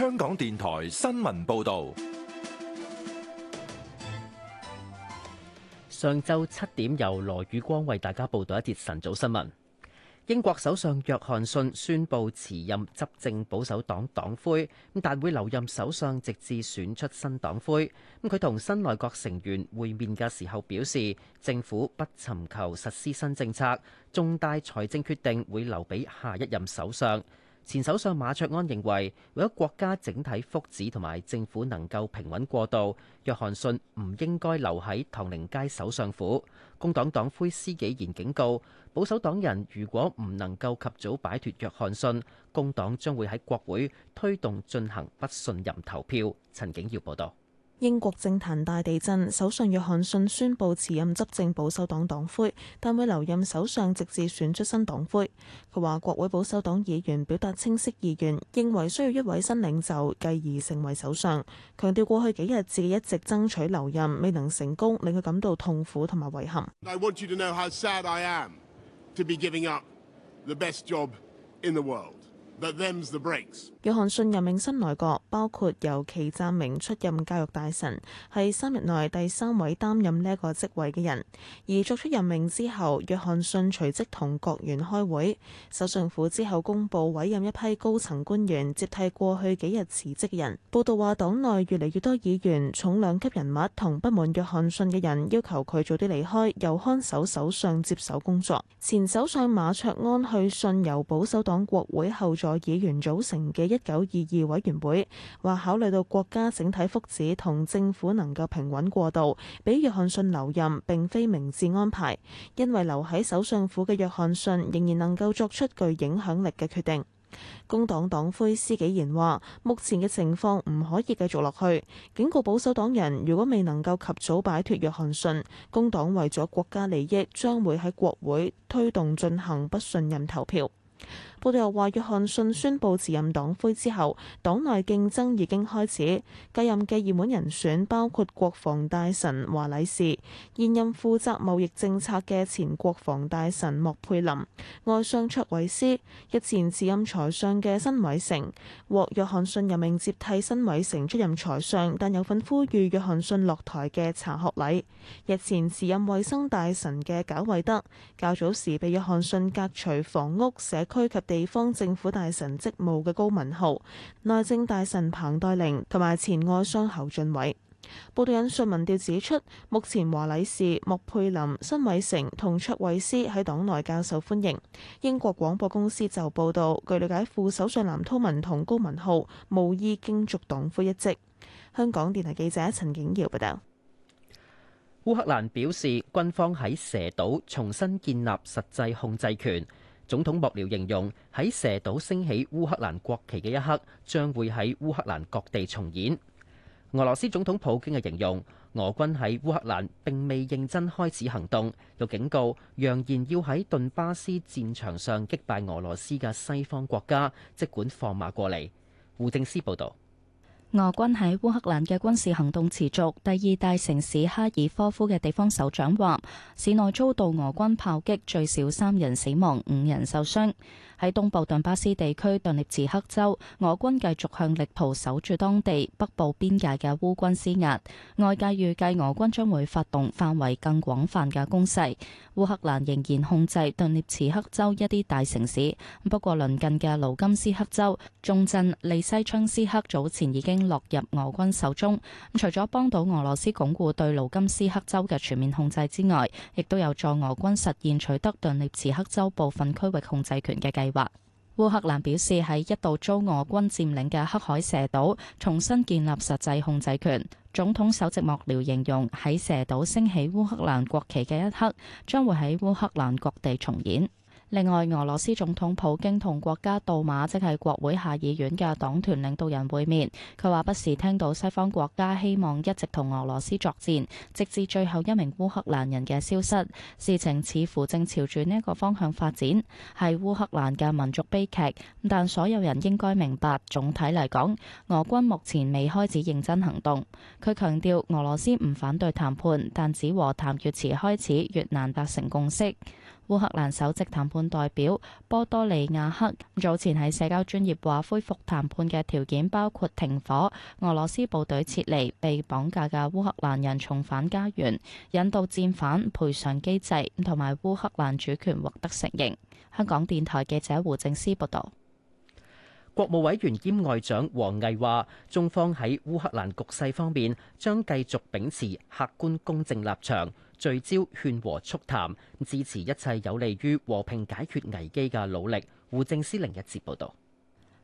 香港電台新聞報道，上晝七點由羅宇光為大家報道一啲晨早新聞。英國首相約翰遜宣布辭任執政保守黨黨魁，咁但會留任首相直至選出新黨魁。咁佢同新內閣成員會面嘅時候表示，政府不尋求實施新政策，重大財政決定會留俾下一任首相。前首相馬卓安認為，為咗國家整體福祉同埋政府能夠平穩過渡，約翰遜唔應該留喺唐寧街首相府。工黨黨魁施紀賢警告，保守黨人如果唔能夠及早擺脱約翰遜，工黨將會喺國會推動進行不信任投票。陳景耀報導。英國政壇大地震，首相約翰遜宣布辭任執政保守黨黨魁，但會留任首相直至選出新黨魁。佢話國會保守黨議員表達清晰意願，認為需要一位新領袖，繼而成為首相。強調過去幾日自己一直爭取留任，未能成功，令佢感到痛苦同埋遺憾。約翰遜任命新內閣，包括由祁湛明出任教育大臣，係三日內第三位擔任呢一個職位嘅人。而作出任命之後，約翰遜隨即同國員開會。首相府之後公布委任一批高層官員接替過去幾日辭職嘅人。報道話，黨內越嚟越多議員、重量級人物同不滿約翰遜嘅人要求佢早啲離開，由看守首相接手工作。前首相馬卓安去信由保守黨國會後座議員組成嘅。一九二二委員會話，考慮到國家整體福祉同政府能夠平穩過渡，俾約翰遜留任並非明智安排，因為留喺首相府嘅約翰遜仍然能夠作出具影響力嘅決定。工黨黨魁施紀賢話，目前嘅情況唔可以繼續落去，警告保守黨人如果未能夠及早擺脱約翰遜，工黨為咗國家利益將會喺國會推動進行不信任投票。報道又話，約翰遜宣布辭任黨魁之後，黨內競爭已經開始。繼任嘅熱門人選包括國防大臣華禮士、現任負責責貿易政策嘅前國防大臣莫佩林、外相卓維斯、日前辭任財相嘅新偉成，獲約翰遜任命接替新偉成出任財相。但有份呼籲約翰遜落台嘅查學禮，日前辭任衛生大臣嘅賈偉德，較早時被約翰遜革除房屋、社區及。地方政府大臣職務嘅高文浩、內政大臣彭黛玲同埋前外相侯俊偉。報道引述民調指出，目前華禮士、莫佩林、辛偉成同卓慧思喺黨內較受歡迎。英國廣播公司就報道，據了解，副首相藍韜文同高文浩無意競逐黨魁一職，香港電台記者陳景耀報道。烏克蘭表示，軍方喺蛇島重新建立實際控制權。總統幕僚形容喺蛇島升起烏克蘭國旗嘅一刻，將會喺烏克蘭各地重演。俄羅斯總統普京嘅形容，俄軍喺烏克蘭並未認真開始行動，又警告，揚言要喺頓巴斯戰場上擊敗俄羅斯嘅西方國家，即管放馬過嚟。胡政思報導。俄軍喺烏克蘭嘅軍事行動持續。第二大城市哈爾科夫嘅地方首長話，市內遭到俄軍炮擊，最少三人死亡，五人受傷。喺東部頓巴斯地區頓涅茨克州，俄軍繼續向力圖守住當地北部邊界嘅烏軍施壓。外界預計俄軍將會發動範圍更廣泛嘅攻勢。烏克蘭仍然控制頓涅茨克州一啲大城市，不過鄰近嘅盧甘斯克州重鎮利西昌斯克早前已經落入俄軍手中。除咗幫到俄羅斯鞏固對盧甘斯克州嘅全面控制之外，亦都有助俄軍實現取得頓涅茨克州部分區域控制權嘅計劃。烏克蘭表示喺一度遭俄軍佔領嘅黑海蛇島重新建立實際控制權。總統首席幕僚形容喺蛇島升起烏克蘭國旗嘅一刻，將會喺烏克蘭各地重演。另外，俄羅斯總統普京同國家杜馬即係國會下議院嘅黨團領導人會面。佢話：不時聽到西方國家希望一直同俄羅斯作戰，直至最後一名烏克蘭人嘅消失。事情似乎正朝住呢一個方向發展，係烏克蘭嘅民族悲劇。但所有人應該明白，總體嚟講，俄軍目前未開始認真行動。佢強調，俄羅斯唔反對談判，但只和談越遲開始，越難達成共識。烏克蘭首席談判代表波多利亞克早前喺社交專業話，恢復談判嘅條件包括停火、俄羅斯部隊撤離、被綁架嘅烏克蘭人重返家園、引渡戰犯賠償機制，同埋烏克蘭主權獲得承認。香港電台記者胡正思報道。國務委員兼外長王毅話：中方喺烏克蘭局勢方面，將繼續秉持客觀公正立場。聚焦、勸和、促談，支持一切有利於和平解決危機嘅努力。胡政司另一節報道。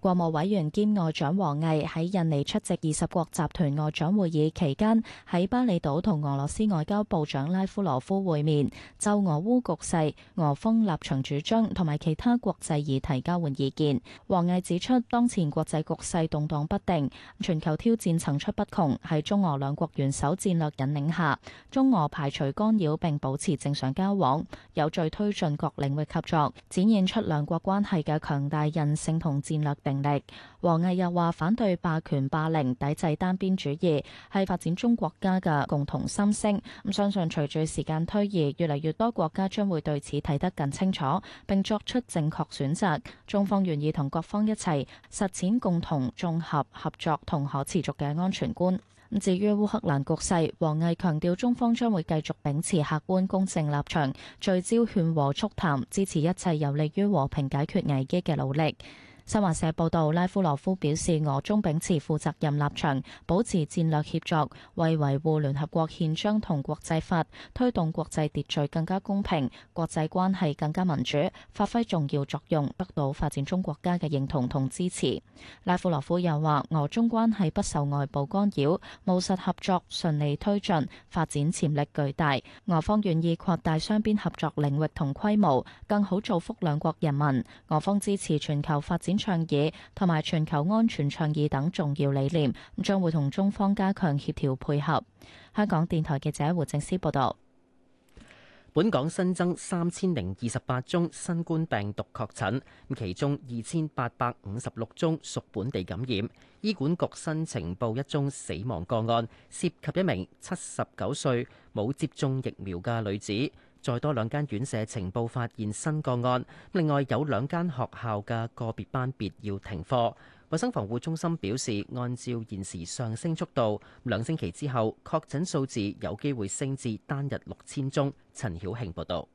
國務委員兼外長王毅喺印尼出席二十國集團外長會議期間，喺巴厘島同俄羅斯外交部長拉夫羅夫會面，就俄烏局勢、俄方立場主張同埋其他國際議題交換意見。王毅指出，當前國際局勢動蕩不定，全球挑戰層出不窮，喺中俄兩國元首戰略引領下，中俄排除干擾並保持正常交往，有序推進各領域合作，展現出兩國關係嘅強大韌性同戰略能力，王毅又話反對霸權霸凌、抵制單邊主義，係發展中國家嘅共同心聲。咁相信隨住時間推移，越嚟越多國家將會對此睇得更清楚，並作出正確選擇。中方願意同各方一齊實踐共同、綜合、合作同可持續嘅安全觀。咁至於烏克蘭局勢，王毅強調，中方將會繼續秉持客觀公正立場，聚焦勸和促談，支持一切有利於和平解決危機嘅努力。新華社報道，拉夫羅夫表示，俄中秉持負責任立場，保持戰略協作，為維護聯合國憲章同國際法，推動國際秩序更加公平、國際關係更加民主，發揮重要作用，得到發展中國家嘅認同同支持。拉夫羅夫又話，俄中關係不受外部干擾，務實合作順利推進，發展潛力巨大。俄方願意擴大雙邊合作領域同規模，更好造福兩國人民。俄方支持全球發展。倡議同埋全球安全倡議等重要理念，將會同中方加強協調配合。香港電台記者胡靜思報道。本港新增三千零二十八宗新冠病毒確診，其中二千八百五十六宗屬本地感染。醫管局新呈報一宗死亡個案，涉及一名七十九歲冇接種疫苗嘅女子。再多兩間院舍情報發現新個案。另外有兩間學校嘅個別班別要停課。衞生防護中心表示，按照現時上升速度，兩星期之後確診數字有機會升至單日六千宗。陳曉慶報導。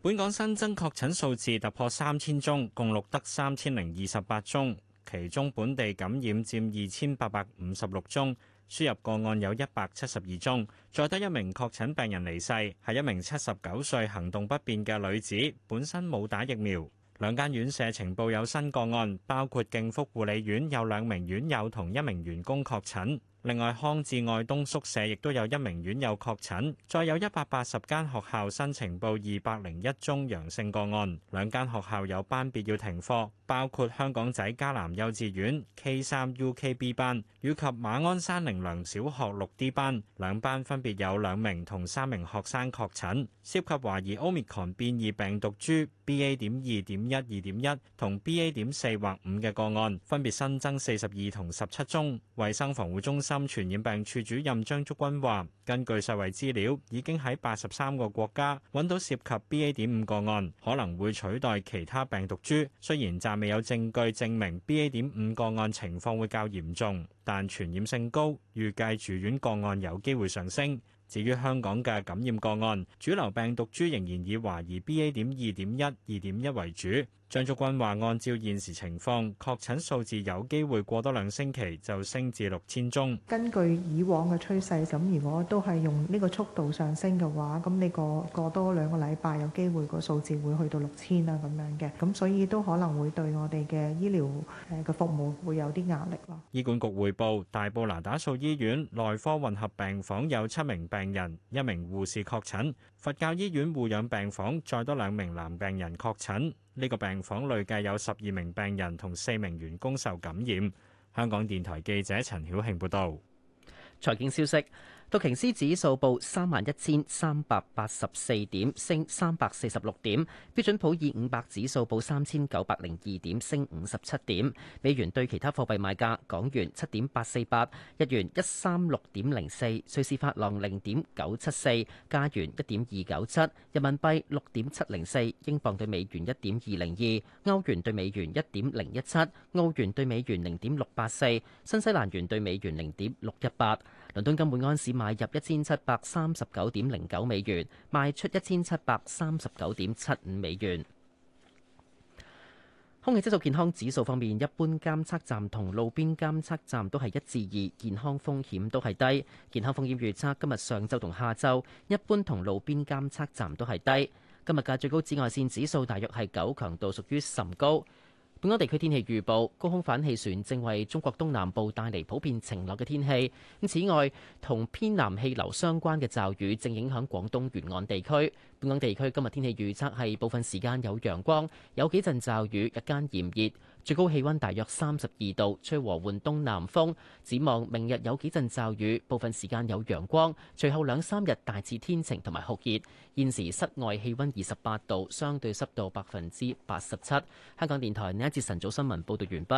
本港新增確診數字突破三千宗，共錄得三千零二十八宗，其中本地感染佔二千八百五十六宗。輸入個案有一百七十二宗，再得一名確診病人離世，係一名七十九歲行動不便嘅女子，本身冇打疫苗。兩間院舍呈報有新個案，包括勁福護理院有兩名院友同一名員工確診，另外匡智愛東宿舍亦都有一名院友確診，再有一百八十間學校新呈報二百零一宗陽性個案，兩間學校有班別要停課。包括香港仔迦南幼稚園 K 三 UKB 班以及馬鞍山靈良小學六 D 班，兩班分別有兩名同三名學生確診，涉及懷疑 Omicron 變異病毒株 BA 點二點一二點一同 BA 點四或五嘅個案，分別新增四十二同十七宗。衛生防護中心傳染病處主任張竹君話，根據世衛資料，已經喺八十三個國家揾到涉及 BA 點五個案，可能會取代其他病毒株。雖然暫未有證據證明 BA.5 個案情況會較嚴重，但傳染性高，預計住院個案有機會上升。至於香港嘅感染個案，主流病毒株仍然以懷疑 BA. 點二點一、二點一為主。張竹君話：按照現時情況，確診數字有機會過多兩星期就升至六千宗。根據以往嘅趨勢，咁如果都係用呢個速度上升嘅話，咁你過過多兩個禮拜有機會個數字會去到六千啊咁樣嘅，咁所以都可能會對我哋嘅醫療誒嘅服務會有啲壓力咯。醫管局匯報，大埔那打素醫院內科混合病房有七名病病人一名護士確診，佛教醫院護養病房再多兩名男病人確診，呢、這個病房累計有十二名病人同四名員工受感染。香港電台記者陳曉慶報道。財經消息。道瓊斯指數報三萬一千三百八十四點，升三百四十六點。標準普爾五百指數報三千九百零二點，升五十七點。美元對其他貨幣賣價：港元七點八四八，日元一三六點零四，瑞士法郎零點九七四，加元一點二九七，人民幣六點七零四，英鎊對美元一點二零二，歐元對美元一點零一七，澳元對美元零點六八四，新西蘭元對美元零點六一八。倫敦金每安士買入一千七百三十九點零九美元，賣出一千七百三十九點七五美元。空氣質素健康指數方面，一般監測站同路邊監測站都係一至二，健康風險都係低。健康風險預測今日上晝同下晝，一般同路邊監測站都係低。今日嘅最高紫外線指數大約係九，強度屬於甚高。本港地區天氣預報，高空反氣旋正為中國東南部帶嚟普遍晴朗嘅天氣。咁此外，同偏南氣流相關嘅驟雨正影響廣東沿岸地區。本港地區今日天氣預測係部分時間有陽光，有幾陣驟雨，日間炎熱。最高氣溫大約三十二度，吹和緩東南風。展望明日有幾陣驟雨，部分時間有陽光，隨後兩三日大致天晴同埋酷熱。現時室外氣溫二十八度，相對濕度百分之八十七。香港電台呢一節晨早新聞報道完畢。